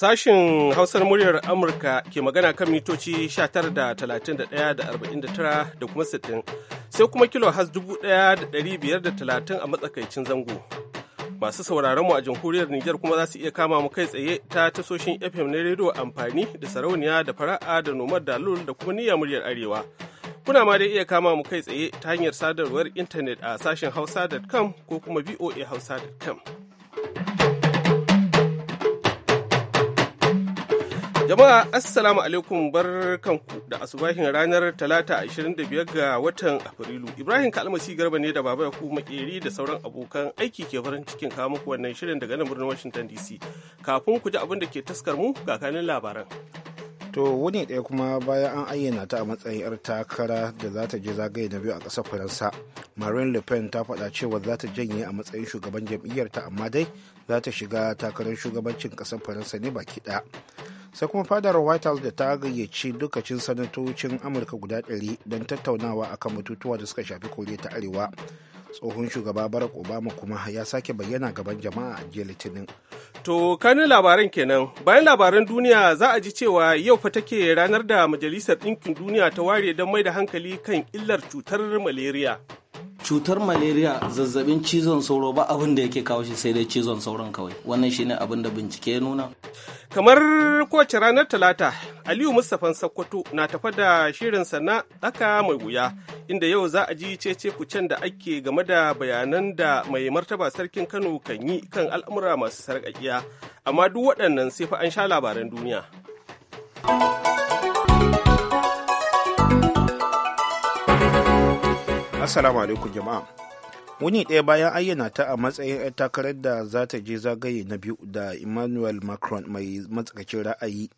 Sashen Hausar muryar Amurka ke magana kan mitoci 19 da da kuma 60 sai kuma kilo has 1530 a matsakaicin zango. Masu sauraron mu a jamhuriyar Nijar kuma za su iya kama mu kai tsaye ta tasoshin FM na rediyo amfani da sarauniya da fara'a da nomar dalul da kuma niyya muryar arewa. Kuna ma dai iya kama mu kai tsaye ta hanyar sadarwar intanet a sashen hausa.com ko kuma voahausa.com. Jama'a Assalamu alaikum barkanku da asubahin ranar Talata 25 ga watan Afrilu. Ibrahim Kalmasi Garba ne da Baba kuma Makeri da sauran abokan aiki ke farin cikin kawo muku wannan shirin daga nan birnin Washington DC. Kafin ku ji abin da ke taskar mu ga kanin labaran. To wani ɗaya kuma bayan an ayyana ta a matsayin 'yar takara da za ta je zagaye na biyu a ƙasar Faransa, Marine Le Pen ta faɗa cewa za ta janye a matsayin shugaban jam'iyyarta amma dai za ta shiga takarar shugabancin ƙasar Faransa ne baki ɗaya. sai kuma fadar white house da ta gayyaci dukacin sanatocin amurka guda ɗari don tattaunawa akan batutuwa da suka shafi koriya ta arewa tsohon shugaba barack obama kuma ya sake bayyana gaban jama'a a jiya litinin to kanin labaran kenan bayan labaran duniya za a ji cewa yau fa take ranar da majalisar ɗinkin duniya ta ware don mai da hankali kan illar cutar malaria cutar malaria zazzabin cizon sauro ba abin da yake kawo shi sai dai cizon sauron kawai wannan shine abin da bincike ya nuna kamar kowace ranar talata aliyu mustafan sakkwato na tafa da shirin sana tsaka mai wuya inda yau za a ji cece kucen da ake game da bayanan da mai martaba sarkin kano kan yi kan al'amura masu sarƙaƙiya amma duk waɗannan sai fa an sha labaran duniya Assalamu alaikum jama'a. Wuni ɗaya bayan ayyana ta a matsayin 'yar takarar da za ta je zagaye na biyu da Emmanuel Macron mai matsakaicin ra'ayi.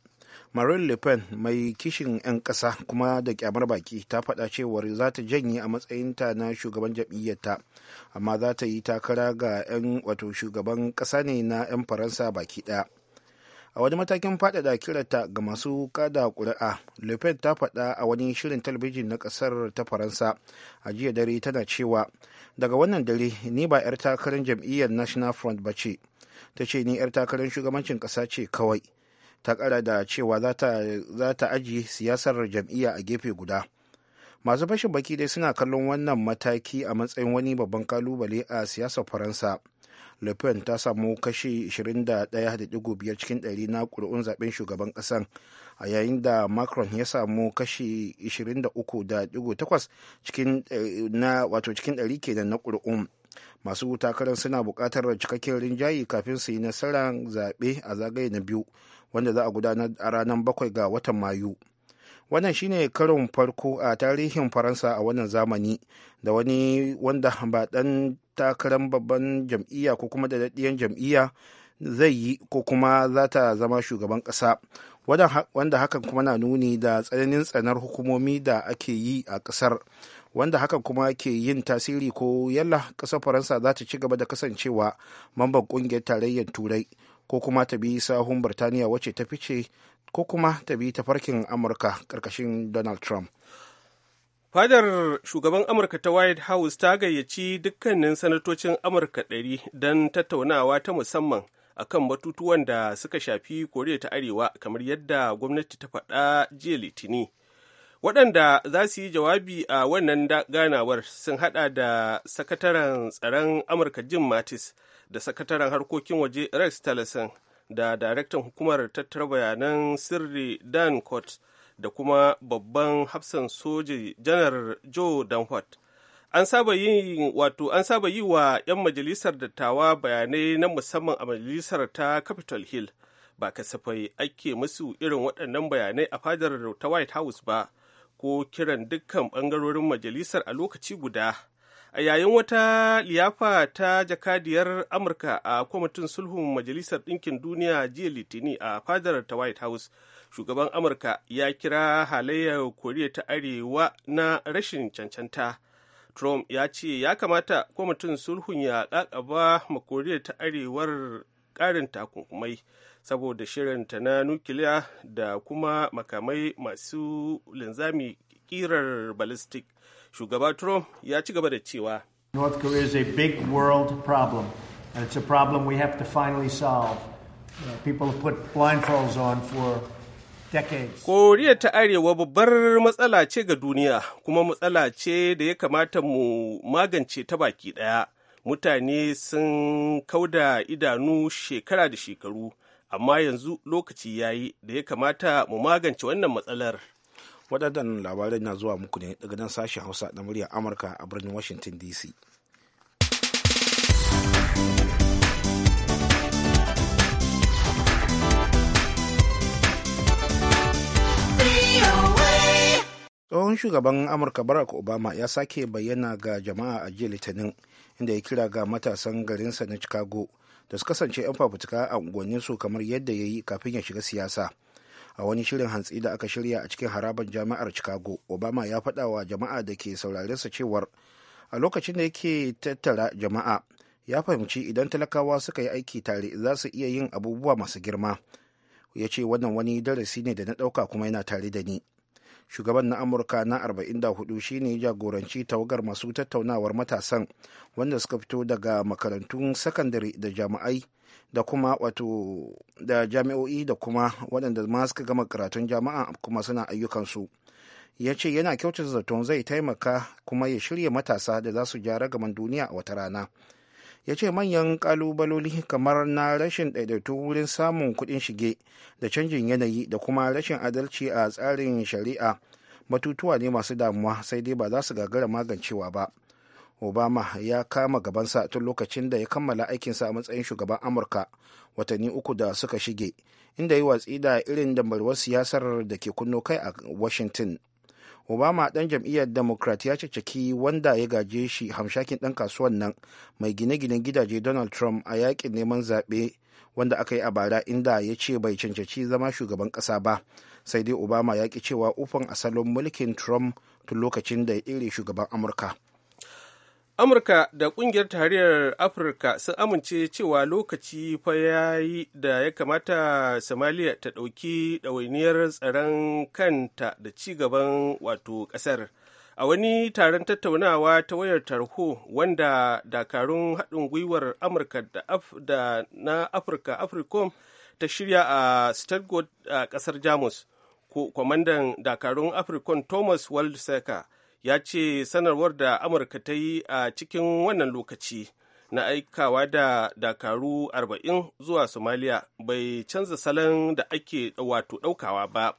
Marine Le Pen mai kishin 'yan ƙasa kuma da kyamar baki ta faɗa cewar za ta janye a matsayinta na shugaban jam'iyyarta amma za ta yi takara ga 'yan wato shugaban ƙasa ne na 'yan Faransa baki ɗaya. a wani matakin faɗaɗa kiranta ga masu kada ƙuri'a le pen ta faɗa a wani shirin talabijin na ƙasar ta faransa a jiya dare tana cewa daga wannan dare ni ba 'yar takarar jam'iyyar national front ba ce ta ce ni 'yar takarar shugabancin ƙasa ce kawai ta kara da cewa za ta aji siyasar jam'iyya a gefe guda masu fashin baki dai suna kallon wannan mataki a matsayin wani babban kalubale a siyasar faransa le pen ta samu kashi 21.5 cikin 100 na ƙuri'un zaben shugaban ƙasan a yayin da macron ya samu kashi 23.8 cikin 100 eh, ɗari kenan na ƙuri'un masu takarar suna buƙatar cikakken rinjaye kafin su yi nasarar zaɓe a zagaye na biyu wanda za a gudanar a ranar bakwai ga watan mayu wannan shine karin farko a tarihin faransa a wannan zamani da wani wanda ba dan takarar babban jam'iyya ko kuma da jam'iyya zai yi ko kuma za ta zama shugaban ƙasa wanda hakan kuma na nuni da tsananin tsanar hukumomi da ake yi a kasar wanda hakan kuma ke yin tasiri ko yalla ƙasar faransa za ta ci gaba da kasancewa mamban ƙungiyar tarayyar turai ko kuma ta bi sahun birtaniya wacce ta fice ko kuma ta bi tafarkin amurka ƙarƙashin donald trump fadar shugaban amurka ta white house ta gayyaci dukkanin sanatocin amurka ɗari don tattaunawa ta musamman akan batutuwan da suka shafi koriya ta arewa kamar yadda gwamnati ta faɗa jiya litini waɗanda za su yi jawabi a wannan ganawar sun haɗa da sakataren tsaron amurka jim mattis da sakataren harkokin waje rex tillerson da daraktan hukumar tattara bayanan sirri dan court da kuma babban hafsan soji janar joe danhot an saba yi wato an saba yi wa 'yan majalisar dattawa bayanai na musamman a majalisar ta capitol hill ba kasafai ake musu irin waɗannan bayanai a fadar ta white house ba ko kiran dukkan ɓangarorin majalisar a lokaci guda a yayin wata liyafa ta jakadiyar amurka a kwamitin sulhun majalisar ɗinkin duniya jiya litini a fadar ta white house shugaban amurka ya kira halayyar koriya ta arewa na rashin cancanta trump ya ce ya kamata kwamitin sulhun ya kakaba ma koriya ta arewar ƙarin takunkumai saboda shirinta na nukiliya da kuma makamai masu linzami kirar ballistic shugaba trump ya ci gaba da cewa north korea is a big world problem and it's a problem we have to finally solve people have put blindfolds on for decades. Koriya ta Arewa babbar matsala ce ga duniya kuma matsala ce da ya kamata mu magance ta baki ɗaya. Mutane sun kauda idanu shekara da shekaru, amma yanzu lokaci yayi da ya kamata mu magance wannan matsalar. waɗannan labaran na zuwa muku ne daga nan sashen hausa na muryar amurka a birnin washington dc tsohon shugaban amurka barack obama ya sake bayyana ga jama'a a jiya litinin inda ya kira ga matasan garinsa na chicago da su kasance 'yan fafutuka a unguwanninsu kamar yadda ya yi kafin ya shiga siyasa a wani shirin hantsi da aka shirya a cikin harabar jami'ar chicago obama ya faɗa wa jama'a da ke saurarensa cewar a lokacin da yake tattara jama'a ya fahimci idan talakawa suka yi aiki tare za su iya yin abubuwa masu girma ya ce wannan wani darasi ne da na ɗauka kuma yana tare da ni shugaban na amurka na 44 shine jagoranci tawagar masu tattaunawar matasan wanda suka fito daga makarantun sakandare da jami'ai da kuma wato da jami'o'i da kuma waɗanda ma suka gama karatun jama'a kuma suna ayyukansu ya ce yana kyautata zaton zai taimaka kuma ya shirya matasa da za su gyara gaman duniya a wata rana ya ce manyan kalubaloli kamar na rashin ɗaiɗaitu wurin samun kuɗin shige da canjin yanayi da kuma rashin adalci a tsarin shari'a batutuwa ne masu damuwa sai dai ba za su gagara magancewa ba. obama ya kama gabansa tun lokacin da ya kammala aikinsa a matsayin shugaban amurka watanni uku da suka shige inda yi watsi da irin damarwar siyasar da ke kunno kai a washington obama dan jam'iyyar democrat ya caceki wanda ya gaje shi hamshakin dan kasuwan nan mai gine-ginen gidaje donald trump a yakin neman zaɓe wanda aka yi a bara inda ya ce bai cancanci zama shugaban ƙasa ba sai dai obama ya ki cewa ufan asalin mulkin trump tun lokacin da ya ɗere shugaban amurka amurka da kungiyar tarayyar afirka sun amince cewa lokaci fa ya yi da ya kamata somalia ta ɗauki ɗawainiyar tsaron kanta da ci gaban wato ƙasar a wani taron tattaunawa ta wayar tarho wanda dakarun haɗin gwiwar amurka da, af, na afirka africom ta shirya a stuttgart a ƙasar jamus ko kwamandan dakarun africom thomas waldseka ya ce sanarwar da amurka ta yi a cikin wannan lokaci na aikawa da dakaru 40 zuwa Somalia bai canza salon da ake wato ɗaukawa ba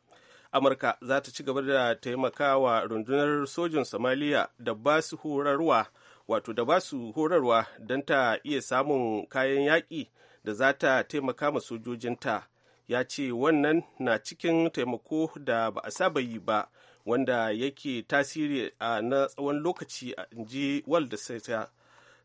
amurka za ta ci gaba da taimakawa rundunar sojin Somalia da ba su horarwa wato da ba su horarwa don ta iya samun kayan yaƙi da za ta taimaka ma sojojinta ya ce wannan na cikin taimako da ba a saba yi ba wanda yake tasiri a na tsawon lokaci a inji da saita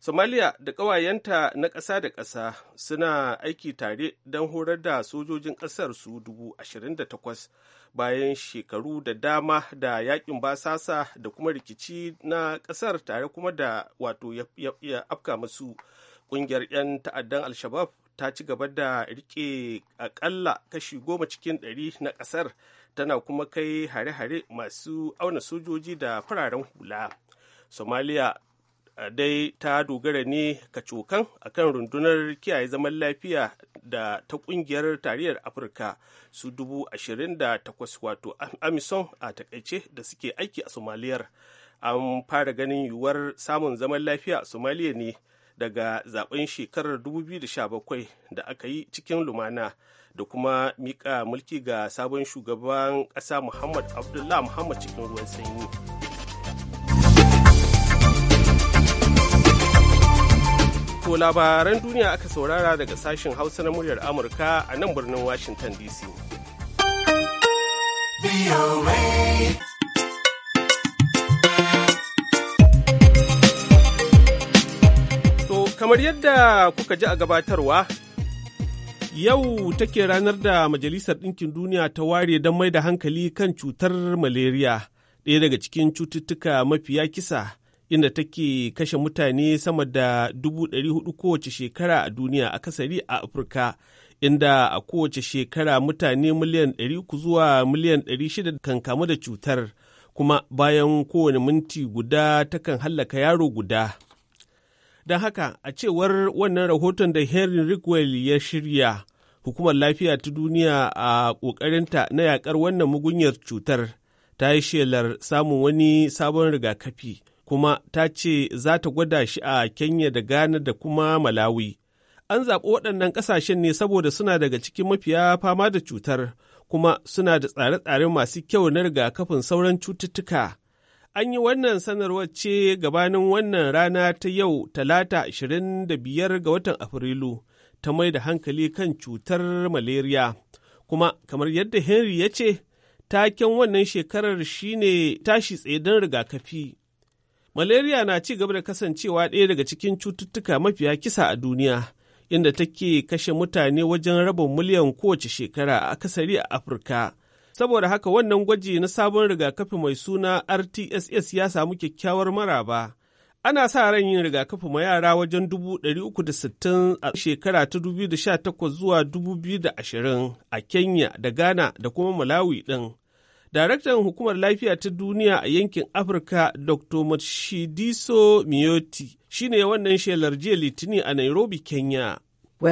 somaliya da ƙawayenta na ƙasa da ƙasa suna aiki tare don horar da sojojin ƙasar su dubu ashirin da takwas bayan shekaru da dama da yakin basasa da kuma rikici na ƙasar tare kuma da wato ya afka masu ƙungiyar 'yan ta'addan al-shabab ta ci gaba da rike akalla kashi goma cikin ɗari na ƙasar tana kuma kai hare-hare masu auna sojoji da fararen hula Somalia eh, dai ta dogara ne kacokan kan rundunar kiyaye zaman lafiya da ta kungiyar tarayyar afirka su dubu ashirin da takwas wato amison a takaice da suke aiki a somaliyar an fara ganin yiwuwar samun zaman lafiya a somaliya ne daga zaben shekarar 2017 da aka yi cikin lumana da kuma mika mulki ga sabon shugaban ƙasa muhammad abdullah muhammad cikin ruwan sanyi to labaran duniya aka saurara daga sashin hausa na muryar amurka a nan birnin washington dc kamar yadda kuka ji a gabatarwa Yau take ranar da Majalisar Ɗinkin Duniya ta ware don mai da hankali kan cutar malaria, ɗaya daga cikin cututtuka mafiya kisa, inda take kashe mutane sama da hudu kowace shekara a duniya akasari a Afirka, inda a kowace shekara mutane miliyan uku zuwa miliyan shida kan kamu da cutar, kuma bayan kowane minti guda takan hallaka yaro guda. Don haka a cewar wannan rahoton da Henry Rickwell ya shirya hukumar lafiya ta duniya a ƙoƙarinta na yaƙar wannan mugunyar cutar ta yi shelar samun wani sabon rigakafi kuma ta ce za ta gwada shi a Kenya da Ghana da kuma Malawi. An zaɓi waɗannan ƙasashen ne saboda suna daga cikin mafiya fama da cutar kuma suna da tsare-tsare masu kyau na rigakafin sauran cututtuka. An yi wannan sanarwar ce gabanin wannan rana ta yau talata 25 ga watan Afrilu ta mai da hankali kan cutar malaria. Kuma kamar yadda Henry ya ce, taken wannan shekarar shine tashi tsaye don rigakafi. Malaria na ci gaba da kasancewa ɗaya daga cikin cututtuka mafiya kisa a duniya, inda take kashe mutane wajen rabin miliyan kowace shekara a kasari a Afirka. Saboda haka wannan gwaji na sabon rigakafi mai suna RTSS ya samu kyakkyawar maraba. Ana sa ran yin rigakafi ma yara wajen 360 a shekara ta 2018 zuwa ashirin a Kenya da Ghana da kuma Malawi ɗin. Daraktan Hukumar Lafiya ta Duniya a yankin Afirka Dr. Matshidiso Miyoti shine wannan shelar jiya Litinin a Nairobi, Kenya. Uh,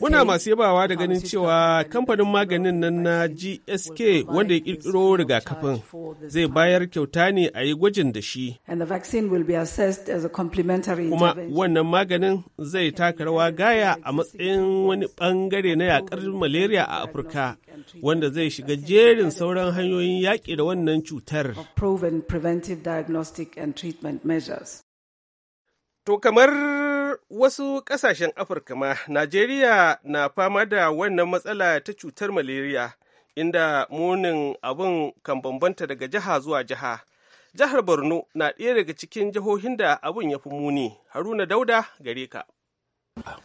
Muna masu yabawa da ganin cewa kamfanin maganin nan na GSK wanda ya kirkiro rigakafin zai bayar kyauta ne a yi gwajin da shi. Kuma wannan maganin zai taka rawa gaya a matsayin wani bangare na yakar malaria a Afirka wanda zai shiga jerin sauran hanyoyin yaƙi da wannan cutar. To kamar wasu ƙasashen Afirka ma, Najeriya na fama da wannan matsala ta cutar malaria, inda munin abin kan bambanta daga jiha zuwa jiha. Jihar Borno na ɗaya daga cikin jihohin da abin ya fi muni. Haruna Dauda gare ka.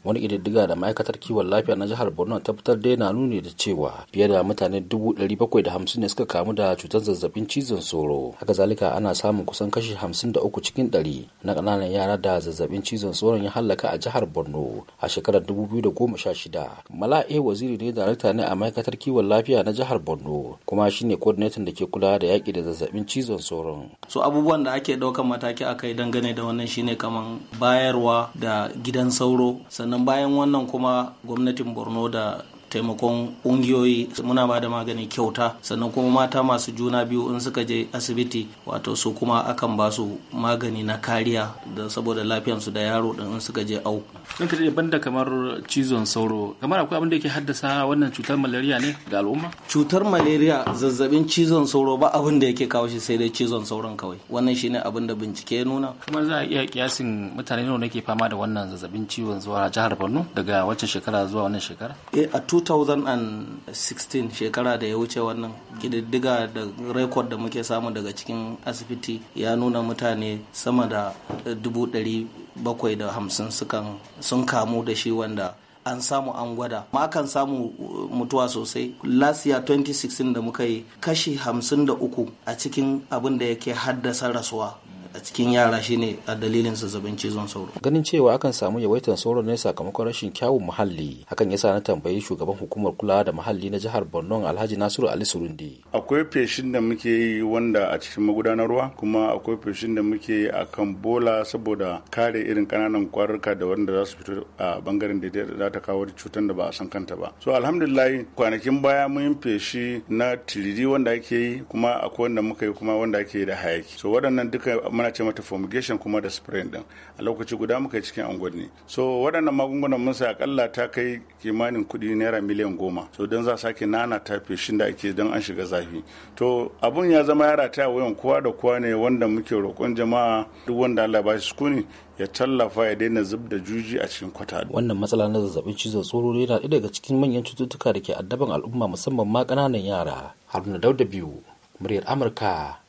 wani ƙididdiga da ma'aikatar kiwon lafiya na jihar borno tabbatar da yana nuni da cewa fiye da mutane dubu ɗari bakwai da hamsin ne suka kamu da cutar zazzabin cizon sauro haka zalika ana samun kusan kashi hamsin da uku cikin ɗari na ƙananan yara da zazzabin cizon sauro ya hallaka a jihar borno a shekarar dubu biyu da goma sha shida mala a waziri ne darakta ne a ma'aikatar kiwon lafiya na jihar borno kuma shine coordinator da ke kula da yaƙi da zazzabin cizon sauro. so abubuwan da ake ɗaukan mataki a dangane da wannan shine kaman bayarwa da gidan sauro sannan bayan wannan kuma gwamnatin borno da taimakon ƙungiyoyi muna ba da magani kyauta sannan kuma mata masu juna biyu in suka je asibiti wato su kuma akan ba su magani na kariya da saboda lafiyansu da yaro din in suka je au. Sun ka banda kamar cizon sauro kamar akwai abin da yake haddasa wannan cutar malaria ne ga al'umma? Cutar malaria zazzabin cizon sauro ba abin da yake kawo shi sai dai cizon sauron kawai wannan shine abin da bincike ya nuna. Kuma za a iya kiyasin mutane nawa ne ke fama da wannan zazzabin ciwon zuwa jihar Borno daga wancan shekara zuwa wannan shekara? Eh a 2016 shekara da ya wuce wannan kididdiga da rekod da muke samu daga cikin asibiti ya nuna mutane sama da 750 sun kamu da shi wanda an samu an gwada ma akan samu uh, mutuwa sosai last year 2016 da muka yi kashi 53 a cikin abin da yake haddasa rasuwa a cikin yara shine a dalilin zazzabin cizon sauro ganin cewa akan samu yawaitar sauro ne sakamakon rashin kyawun muhalli hakan yasa na tambayi shugaban hukumar kula da muhalli na jihar Borno Alhaji Nasiru Ali Surundi akwai feshin da muke yi wanda a cikin magudanar ruwa kuma akwai feshin da muke yi akan bola saboda kare irin kananan kwaruka da wanda za su fito a bangaren da za ta kawo cutar da ba a san kanta ba so alhamdulillah kwanakin baya mun yi feshi na tiriri wanda ake yi kuma akwai wanda muka yi kuma wanda ake yi da hayaki so waɗannan duka muna ce mata fumigation kuma da spray din a lokaci guda muka yi cikin unguwanni so waɗannan magungunan mun sai akalla ta kai kimanin kuɗi naira miliyan goma so don za sake nana ta feshin da ake don an shiga zafi to abun ya zama yara ta wayan kowa da kowa ne wanda muke roƙon jama'a duk wanda Allah ba shi sukuni ya tallafa ya daina zub da juji a cikin kwata. Wannan matsala na zazzabin cizon tsoro yana ɗaya daga cikin manyan cututtuka da ke addaban al'umma musamman ma ƙananan yara. Haruna Dauda biyu, muryar Amurka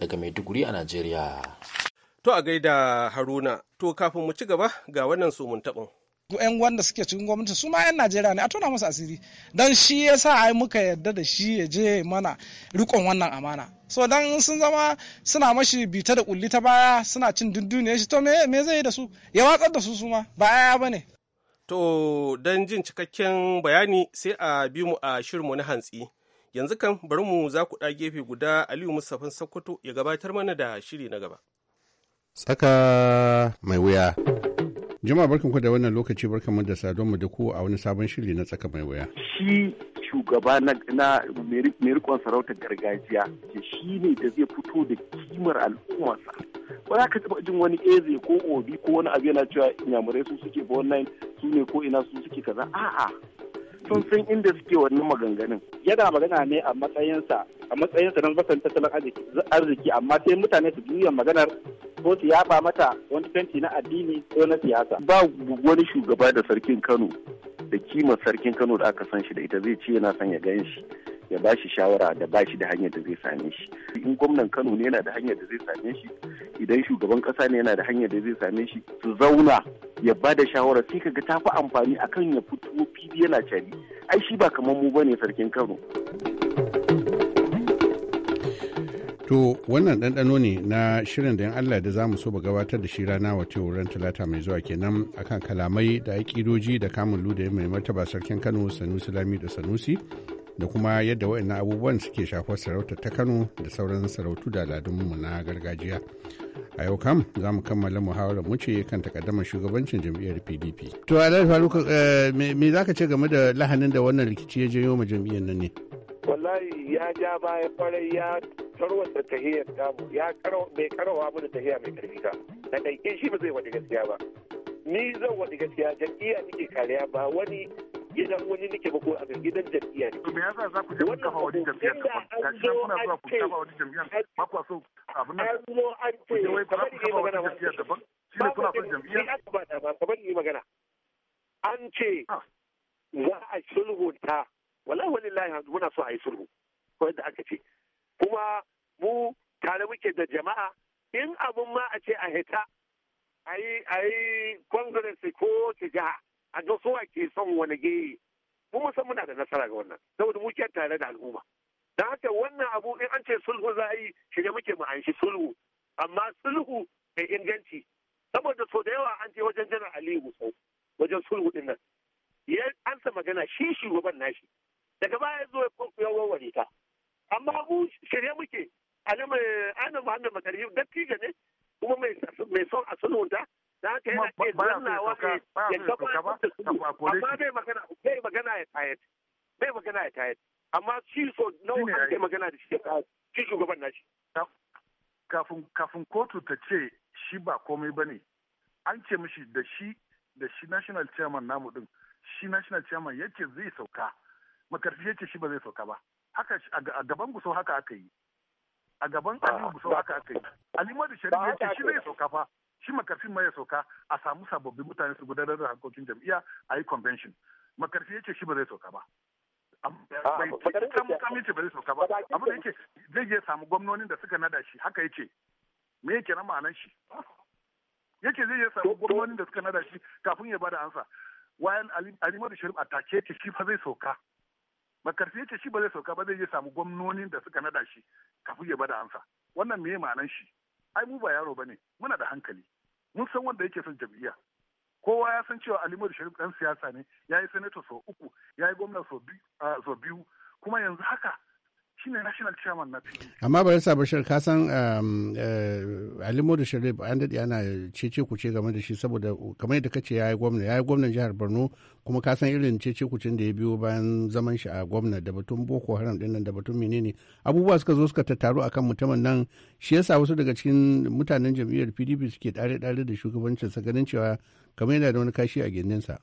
daga Maiduguri a Najeriya. To a gaida Haruna, to kafin mu ci gaba ga wannan mun taɓin. 'yan wanda suke cikin gwamnati su ma 'yan najeriya ne a tona musu asiri don shi ya sa ai muka yarda da shi ya je mana rikon wannan amana so dan sun zama suna mashi bita da kulli ta baya suna cin dunduniya shi to me zai yi da su ya watsar da su su ma ba yaya ba ne to don jin cikakken bayani sai a bi mu a shirmu na hantsi yanzu kan bari mu za ku ɗa gefe guda aliyu mustapha sokoto ya gabatar mana da shiri na gaba tsaka mai wuya jima barkanku da wannan lokaci barkanmu da sadon mu da ku a wani sabon shiri na tsaka mai wuya shi shugaba na mai sarautar gargajiya ke shi ne da zai fito da kimar al'ummarsa ba za ka taba jin wani eze ko obi ko wani abu yana cewa inyamurai su suke born su ne ko ina su suke kaza a'a sun san inda suke wannan maganganun. Yana magana ne a matsayinsa a matsayinsa na basan tattalin arziki amma sai mutane su juya maganar ko su yaba mata wani fenti na addini ko na siyasa. Ba wani shugaba da sarkin Kano da kima sarkin Kano da aka san shi da ita zai ce yana son ya gan shi. ya ba shi shawara da ba shi da hanyar da zai same shi in gwamnan kano ne yana da hanyar da zai same shi idan shugaban kasa ne yana da hanyar da zai same shi su zauna ya ba da shawara sai kaga ta fi amfani akan ya fito pd yana cari ai shi ba kamar mu ba ne sarkin kano To wannan ɗanɗano ne na shirin da 'yan Allah da za mu so ba gabatar da shi rana wace wurin talata mai zuwa kenan akan kalamai da aƙidoji da kamun da mai martaba sarkin Kano Sanusi Lami da Sanusi da kuma yadda waɗannan abubuwan suke shafar sarauta ta kano da sauran sarautu da aladunmu na gargajiya a yau kam za mu kammala muhawarar mu kan takaddamar shugabancin jam'iyyar pdp to alhaji faruk eh, me za ka ce game da lahanin da wannan rikici ya janyo ma jam'iyyar nan ne wallahi ya ja baya kwarai ya tarwata tahiyar tamu ya bai karawa mu da tahiya mai karfi ta na ɗaikin shi ba zai wani gaskiya ba ni zan wani gaskiya jam'iyya nake kariya ba wani gidan wani nake ba ko a gidan jam'iyya ne. me yasa za ku je kafa wani jam'iyya kuma? Ga shi kuna zuwa ku kafa wani ba ku so abin nan. An zo an ce wai ba kafa wani daban. Shi ne kuna son Ba ba ba magana. An ce ah. za a sulhunta wallahi wallahi yanzu muna so a yi sulhu ko yadda aka ce. Kuma mu tare muke da jama'a in abun ma a ce a hita a yi congress ko ta jiha a ga kowa ke son wani gehe mu san muna da nasara ga wannan saboda mu ke tare da al'umma dan haka wannan abu in an ce sulhu za a yi shirya muke mu anshi sulhu amma sulhu mai inganci saboda so da yawa an je wajen jana aliyu sau wajen sulhu din nan ya ansa magana shi shugaban nashi daga baya zo ya warware ta amma mu shirye muke ana muhammad makarfi dattijo ne kuma mai son a sulhunta da haka yana iya zannawa ne ya gabatar da su amma bai magana bai magana ya tayar bai magana ya tayar amma shi so nawa an bai magana da shi ya shi shugaban nashi kafin kafin kotu ta ce shi ba komai ba ne an ce mishi da shi da shi national chairman namu din shi national chairman yace zai sauka makarfi yace shi ba zai sauka ba haka a gaban guso haka aka yi a gaban aliyu guso haka aka yi alimadu sharif shari'a yace shi zai sauka fa shi makarfin ma ya sauka a samu sababbin mutane su gudanar da harkokin jam'iyya a yi convention makarfi ya ce shi ba zai sauka ba ah, mukamin ce ba zai sauka ba abu da yake zai je samu gwamnonin da suka nada shi haka yake me yake na ma'anan shi yake zai je samu gwamnonin da suka nada shi kafin ya bada ansa wayan alimadu sharif a take yake shi ba zai sauka makarfi yake shi ba zai sauka ba zai je samu gwamnonin da suka nada shi kafin ya bada ansa wannan me ma'anan shi ai mu ba yaro bane muna da hankali mun san wanda yake son jam'iyya kowa ya san cewa alimar sharif dan siyasa ne ya yi so sau uku ya yi gwamna sau biyu kuma yanzu haka shine national chairman na pdp amma bari sa bashir ka san um, eh, ali modu sharif an dade ana cece kuce game da shi saboda kamar yadda kace yayi gwamna yayi gwamnan jihar borno kuma ka san irin cece kucin da ya biyo bayan zaman shi a gwamna da batun boko haram din nan da batun menene abubuwa suka zo suka tattaru akan mutumin nan shi yasa wasu daga cikin mutanen jam'iyyar pdp suke ɗare-ɗare da shugabancin sa ganin cewa kamar yana da wani kashi a gindinsa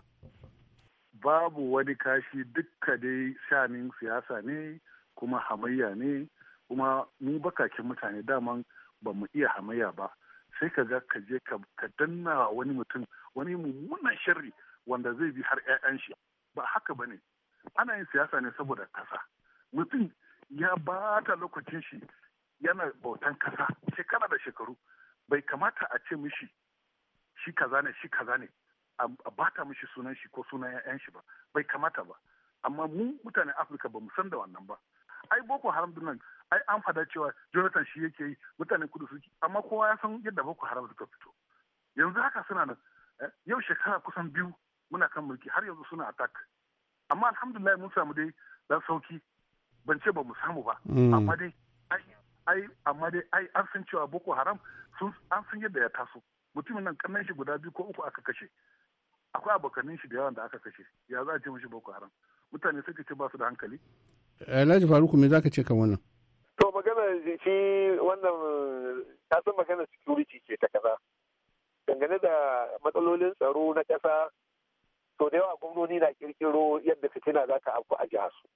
babu wani kashi dukka dai shanin siyasa ne kuma hamayya ne kuma mu bakakin mutane daman ba mu iya hamayya ba sai ka ga ka je ka danna wani mutum wani mummunan sharri wanda zai bi har 'ya'yan shi ba haka ba ne ana yin siyasa ne saboda kasa mutum ya ba ta lokacin shi yana bautan kasa shekara da shekaru bai kamata a ce mishi shi kaza ne shi kaza ne a bata mishi sunan shi ko sunan 'ya'yan shi ba bai kamata ba amma mu mutanen afirka ba mu san da wannan ba ai boko haram din nan ai an fada cewa jonathan shi yake yi mutanen kudu suke amma kowa ya san yadda boko haram suka fito yanzu haka suna nan eh, yau shekara kusan biyu muna kan mulki har yanzu suna attack amma alhamdulillah mun samu dai dan sauki ban ce ba mu samu ba mm. amma dai ai amma dai ai an san cewa boko haram sun an san yadda ya taso mutumin nan kannan shi guda biyu ko uku aka kashe akwai abokanin shi da yawan da aka kashe ya za a ce mishi boko haram mutane sai ka ce ba su da hankali Alhaji Faruku me zaka ce kan wannan? To magana shi wannan ta san magana security ce ta kasa. Dangane da matsalolin tsaro na kasa to da yawa gwamnoni na kirkiro yadda fitina za ta abu a jihar su.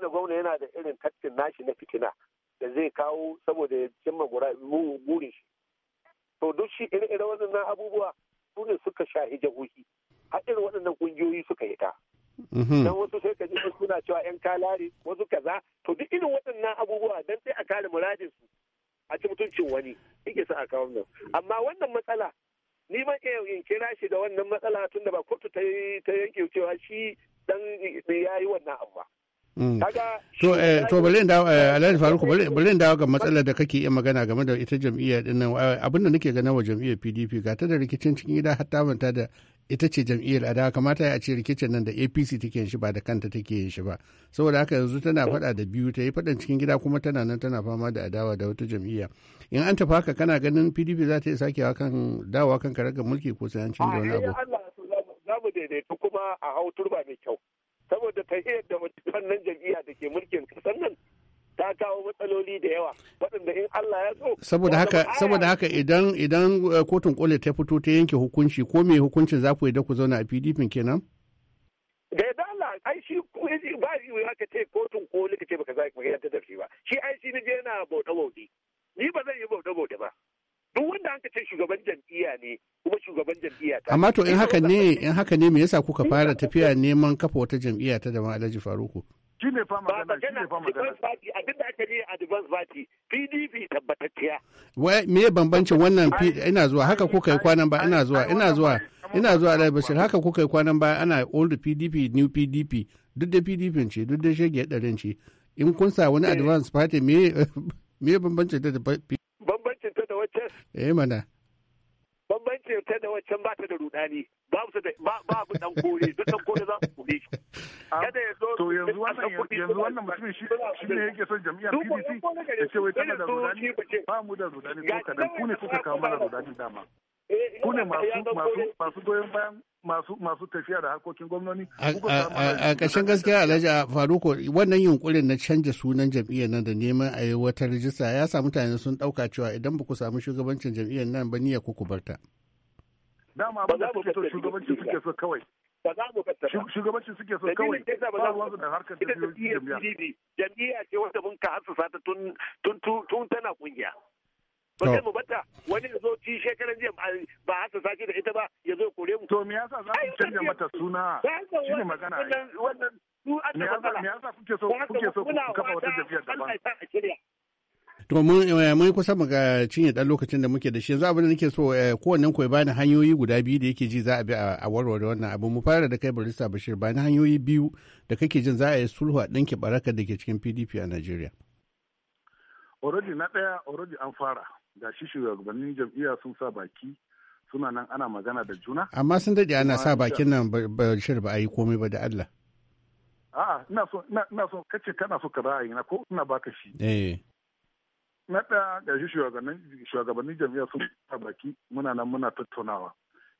da gwamna yana da irin tattin nashi na fitina da zai kawo saboda ya cimma burin shi. To duk shi ire-ire waɗannan abubuwa su ne suka shahi jahohi. Har irin waɗannan ƙungiyoyi suka yi ta. Mm-hmm. dan wasu sai ka ji suna cewa yan kalare wasu kaza to duk irin waɗannan abubuwa dan sai a kare muradin su a ci mutuncin wani yake sa a kawo nan amma wannan matsala ni ma in kira shi da wannan matsala tun da ba kotu ta yanke cewa shi dan ya yi wannan abu ba mm. to eh, to bari da eh, Alhaji bari da ga matsalar da kake iya magana game da ita jam'iyyar din nan eh, abin nake ganin wa jam'iyyar PDP ga ta da rikicin cikin gida har ta manta da ita ce jam'iyyar adawa kamata ya ce rikicin nan da apc take yin shi ba da kanta take yin shi ba saboda haka yanzu tana fada da biyu ta yi fadan cikin gida kuma tana nan tana fama da adawa da wata jam'iyya in an tafi haka kana ganin pdp za ta yi sake kan dawowa kan karagar mulki ko sai an canza wani eh, abu. za mu daidaita kuma a hau turba mai kyau saboda ta mutum nan jam'iyya da ke mulkin kasan nan ta kawo matsaloli da yawa waɗanda in Allah ya so saboda haka saboda haka idan idan eh, kotun ƙoli ta fito ta yanke hukunci ko me hukuncin za ku yi da ku zauna a PDP kenan da yadda Allah ai shi ba yi haka ce kotun koli ka ce baka zai magana ta tafi ba shi ai shi je yana bauta bauti ni ba zan yi bauta bauti ba duk wanda an ce shugaban jam'iyya ne kuma shugaban jam'iyya ta amma to in haka ne in haka ne me yasa kuka fara tafiya neman kafa wata jam'iyya ta da Alhaji Faruku shi ne fa magana shi ne fa magana abin da ake ne advance party pdp tabbatacciya wai me bambancin wannan ina zuwa haka kuka yi kwanan ba ina zuwa ina zuwa ina zuwa da bashir haka kuka yi kwanan ba ana old pdp new pdp duk da pdp ce duk da shege ɗarin ce in kun sa wani eh. advance party me me bambancin ta da bambancin ta da wacce eh mana bambancin ta da waccan ba ta da rudani babu su da babu dan kore duk dan kore za su kore shi ah, kada ya zo to yanzu wannan yanzu wannan mutumin shi shi ne yake son jami'a PDP ya ce wai tana da rudani ba mu da rudani ko kadan ku ne kuka kawo mana rudani dama eh, ku ne masu goyon bayan masu tafiya da harkokin gwamnoni. A ƙarshen gaskiya Alhaji Faruko wannan yunkurin na canja sunan jam'iyyar nan da neman a yi wata rijista ya sa mutane sun ɗauka cewa idan ba ku samu shugabancin jam'iyyar nan ba niyya ku ku barta. dama ba za suke shugabanci suke so kawai shugabanci suke so kawai ba da harkar jam'iyyar jam'iyya ce wanda mun ka hasasa ta tun tun tun tana kungiya ba wani shekaran jiya ba da ita ba ya zo kore mu to me za ku canja mata suna shine magana wannan su kuke so kuke so ku kafa wata jam'iyyar To mun eh, kusa mu ga cinye dan lokacin da muke da shi yanzu abin da nake so eh, kowannen ku bani hanyoyi guda biyu da yake ji za a bi a warware wannan abu mu fara da kai barista Bashir bani hanyoyi biyu da kake jin za a yi sulhu a ɗinki barakar da ke cikin PDP a nigeria. Already na ɗaya already an fara ga shi shugabannin jam'iyya sun sa baki suna nan ana magana da juna. Amma sun dade ana sa bakin nan Bashir ba a yi komai ba da Allah. A'a ina so ina so kace kana so ka ra'ayi na ko ina baka shi. Eh. naɗa da shi shugabannin jam'iyyar sun baki muna nan muna tattaunawa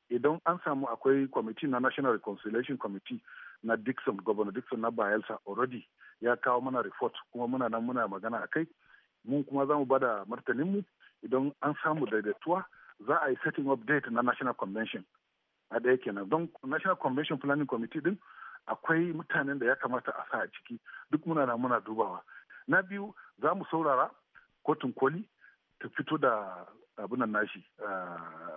idan an samu akwai kwamiti na national reconciliation committee na dixon governor dixon na bayelsa already ya kawo mana report kuma muna nan muna magana a kai mun kuma za mu bada martaninmu idan an samu daidaituwa za a yi setting up date na national convention a ɗaya kenan don national convention planning committee din akwai mutanen da ya kamata a sa a ciki duk muna nan muna dubawa na biyu za mu saurara kotun koli ta fito da abunan nashi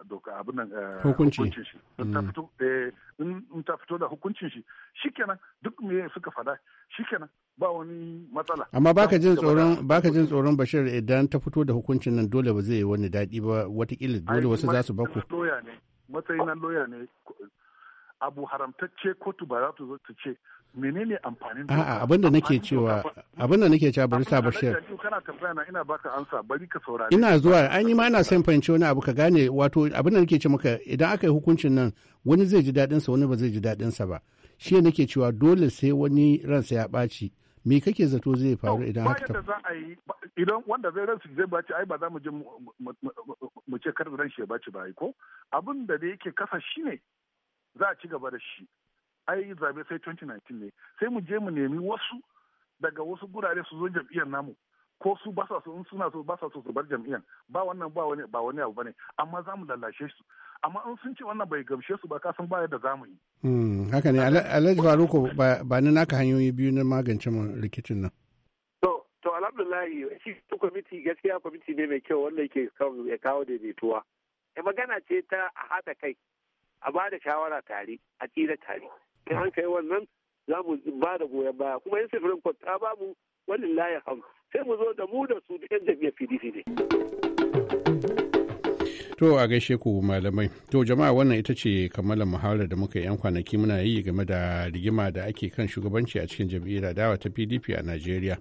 doka abunan hukuncin shi mm. eh, in ta fito da hukuncin shi shikenan duk me suka fada shikenan ba wani matsala amma baka jin tsoron baka jin tsoron Bashir idan ta fito da hukuncin nan dole ba zai yi wani daɗi ba watakila dole wasu za su bako matsayin loya ne abu haramtacce kotu ba za ta zo ta ce menene amfanin da a'a abinda nake cewa abinda nake cewa bari sa bashir kana tambaya na ina baka ansa bari ka saurare ina zuwa an yi ma ina son fahimci wani abu ka gane wato abinda nake ce maka idan aka yi hukuncin nan wani zai ji dadin sa wani ba zai ji dadin sa ba shi ne nake cewa dole sai wani ransa ya ɓaci me kake zato zai faru idan haka ta za a yi idan wanda zai ransa zai baci ai ba za mu je mu ce kar ran shi ya baci ba ko abin da yake kasa shine za a ci gaba da shi ai zabe sai 2019 ne sai mu je mu nemi wasu daga wasu gurare su zo jam'iyyar namu ko su ba su in suna so ba su so su bar jam'iyyar ba wannan ba wani ba wani abu bane amma za mu lalace su amma in sun ce wannan bai gamshe su ba ka san ba yadda za mu yi hmm, haka ne alhaji faruku ba ni naka hanyoyi biyu na magance rikicin nan to alhamdulahi shi committee gaskiya committee ne mai kyau wanda yake kawo daidaituwa eh, magana ce ta a haɗa kai a ba da shawara tare a tsira tare kai an kai wannan za mu ba da goyon baya kuma yin sifirin ta ba mu wannan layin ham sai mu zo da mu da su da yan jam'iyyar pdp ne. To a gaishe ku malamai. To jama'a wannan ita ce kammala muhawarar da muka yan kwanaki muna yi game da rigima da ake kan shugabanci a cikin jam'iyyar adawa ta PDP a Najeriya.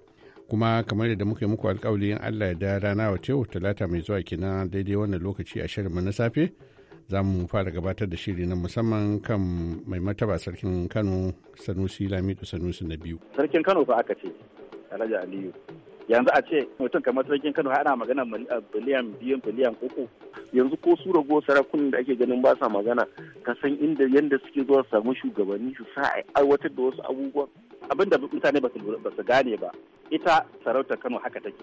Kuma kamar yadda muka yi muku alkawali in Allah ya da rana wa yau talata mai zuwa kina daidai wannan lokaci a shirin shirinmu na safe za mu fara gabatar da shiri na musamman kan mai martaba sarkin kano sanusi lamido sanusi na biyu sarkin kano fa aka ce alhaji aliyu yanzu a ce mutum kamar sarkin kano ana magana biliyan biyan biliyan uku yanzu ko su rago sarakun da ake ganin ba sa magana ka san inda yanda suke zuwa samu shugabanni su sa a aiwatar da wasu abubuwan abinda mutane ba su gane ba ita sarautar kano haka take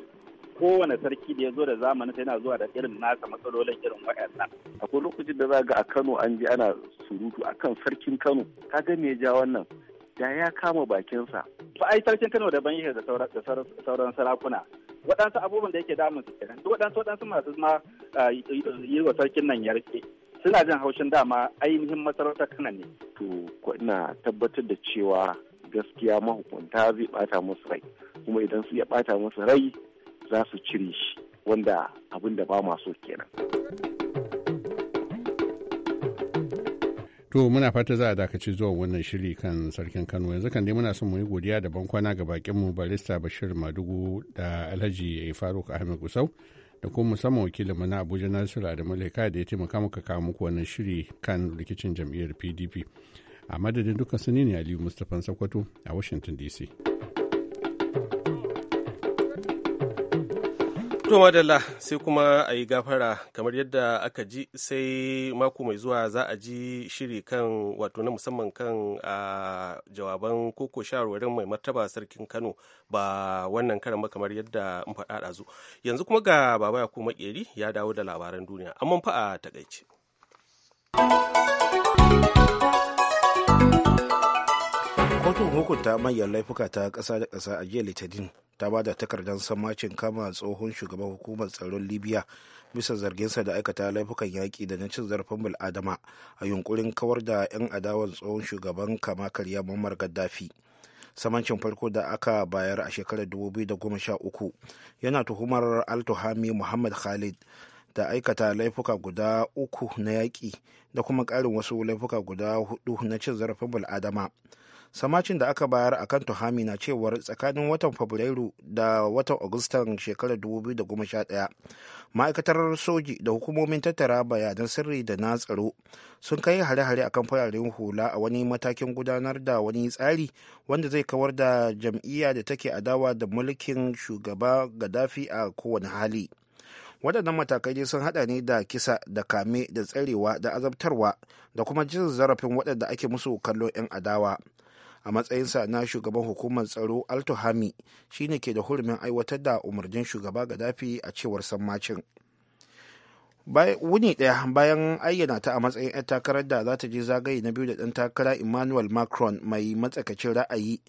kowane sarki da ya zo da zamani sai yana zuwa da irin nasa matsalolin irin waɗannan akwai lokacin da za ga a Kano an ji ana surutu akan sarkin Kano ka ga me ja wannan da ya kama bakinsa Ba ai sarkin Kano daban yake da sauran sarakuna waɗansu abubuwan da yake damun su kenan duk waɗansu waɗansu masu ma yi wa sarkin nan yarke suna jin haushin dama ainihin masarautar kanan ne to ina tabbatar da cewa gaskiya mahukunta zai bata musu rai kuma idan su ya bata musu rai za su cire shi wanda abin da ba maso kenan. To muna fata za a dakaci zuwa wannan shiri kan sarkin Kano yanzu kan dai muna son mu yi godiya da bankwana ga bakin mu barista Bashir Madugu da Alhaji Faruk Ahmed Gusau da kuma musamman wakilinmu na Abuja Nasiru Adamu Leka da ya taimaka muka kawo muku wannan shiri kan rikicin jam'iyyar PDP. A madadin dukkan su ne Aliyu Mustapha Sokoto a Washington DC. To madalla sai kuma a yi gafara kamar yadda aka ji sai mako mai zuwa za a ji shiri kan wato na musamman kan a jawaban koko shawarwarin mai martaba sarkin Kano ba wannan karan ba kamar yadda in faɗa ɗazu. Yanzu kuma ga baba ya kuma ya dawo da labaran duniya amma fa a takaice. kotun hukunta manyan laifuka ta ƙasa da ƙasa a jiya litinin ta ba da takardar samacin kama tsohon shugaban hukumar tsaron libya bisa zarginsa da aikata laifukan yaƙi da na cin zarafin bil'adama a yunkurin kawar da 'yan adawar tsohon shugaban kama karya muammar gaddafi samancin farko da aka bayar a shekarar 2013 yana tuhumar altuhami muhammad khalid da aikata laifuka guda uku na yaƙi da kuma ƙarin wasu laifuka guda hudu na cin zarafin bil'adama samacin da aka bayar a kan tuhami na cewar tsakanin watan fabrairu da watan agustan shekarar 2011 ma'aikatar soji da hukumomin tattara bayanan sirri da na tsaro sun kai hare-hare akan fararen hula a wani matakin gudanar da wani tsari wanda zai kawar da jam'iyya da take adawa da mulkin shugaba gaddafi a kowane hali waɗannan matakai ne sun haɗa ne da kisa da kame da tsarewa da azabtarwa da kuma jin zarafin waɗanda ake musu kallo 'yan adawa a matsayinsa na shugaban hukumar tsaro alto hami shine ke da hurumin aiwatar da umarnin shugaba gaddafi a cewar sammacin wuni daya bayan ayyana ta a matsayin 'yan takarar da za ta je zagaye na biyu da dan takara emmanuel macron mai matsakaicin ra'ayi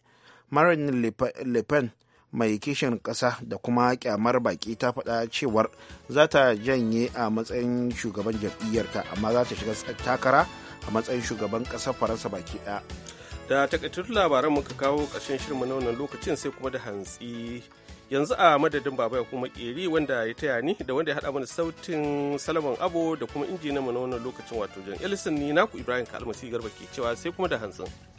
marin le pen mai kishin kasa da kuma kyamar baki ta faɗa cewar za ta janye a matsayin shugaban jam'iyyarta amma za ta shiga takara a matsayin shugaban ƙasar faransa baki ɗaya da takaitattun labaran muka kawo ƙarshen shirin na wannan lokacin sai kuma da hantsi yanzu a madadin baba ya kuma keri wanda ya taya ni da wanda ya haɗa mana sautin salaman abo da kuma injina na wannan lokacin wato jan ellison ni naku ibrahim kalmasi garba ke cewa sai kuma da hantsin